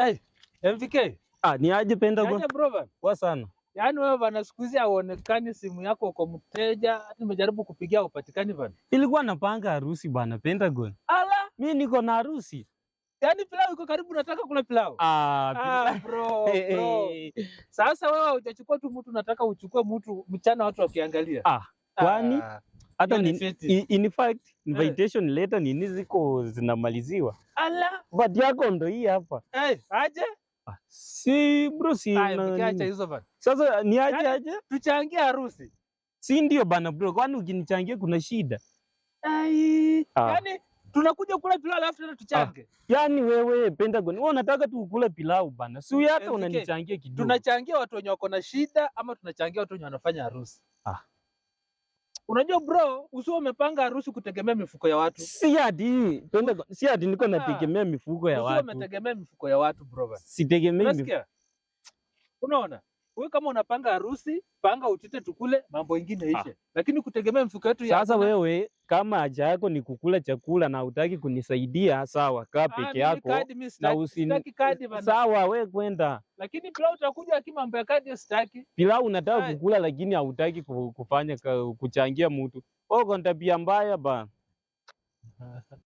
Hey, MVK. Ah, ni aje penda kwa. Brother. Kwa sana. Yaani wewe bana siku hizi hauonekani, simu yako kwa mteja, hata nimejaribu kupigia upatikani bana. Ilikuwa napanga harusi bana Pentagon. Ala, mimi niko na harusi. Yaani pilau iko karibu, nataka kula pilau. Ah, ah bro, bro. Sasa wewe hujachukua tu mtu, nataka uchukue mtu mchana watu wakiangalia. Ah, kwani ah hata ni, in fact eh. invitation yeah, letter nini ziko zinamaliziwa, Ala, but yako ndo hii hapa hey, eh, aje ah, si bro si sasa ni aje aje tuchangie harusi si ndio bana bro, kwani ukinichangia kuna shida Ay, ah. Yani tunakuja kula pilau alafu tena tuchange ah. Yani wewe Pentagon, wewe unataka tukule pilau bana, si hata unanichangia kidogo. Tunachangia watu wenye wako na shida ama tunachangia watu wenye wanafanya harusi ah. Unajua bro, usio umepanga harusi kutegemea mifuko ya watu. Si hadi, twende si hadi niko nategemea ah, mifuko ya watu. Usio umetegemea mifuko ya watu bro. Sitegemei. Unasikia? Unaona? Wewe kama unapanga harusi, panga utite tukule, mambo ingine ah. ishe. Lakini kutegemea mfuko wetu ya Sasa wewe kama haja yako ni kukula chakula na utaki kunisaidia, sawa, kaa ah, peke yako na usitaki kadi bana. Sawa, wewe kwenda. Lakini pilau utakuja kwa mambo ya kadi sitaki. Pilau unataka kukula lakini hautaki kufanya kuchangia mtu. Wewe ndio tabia mbaya bana.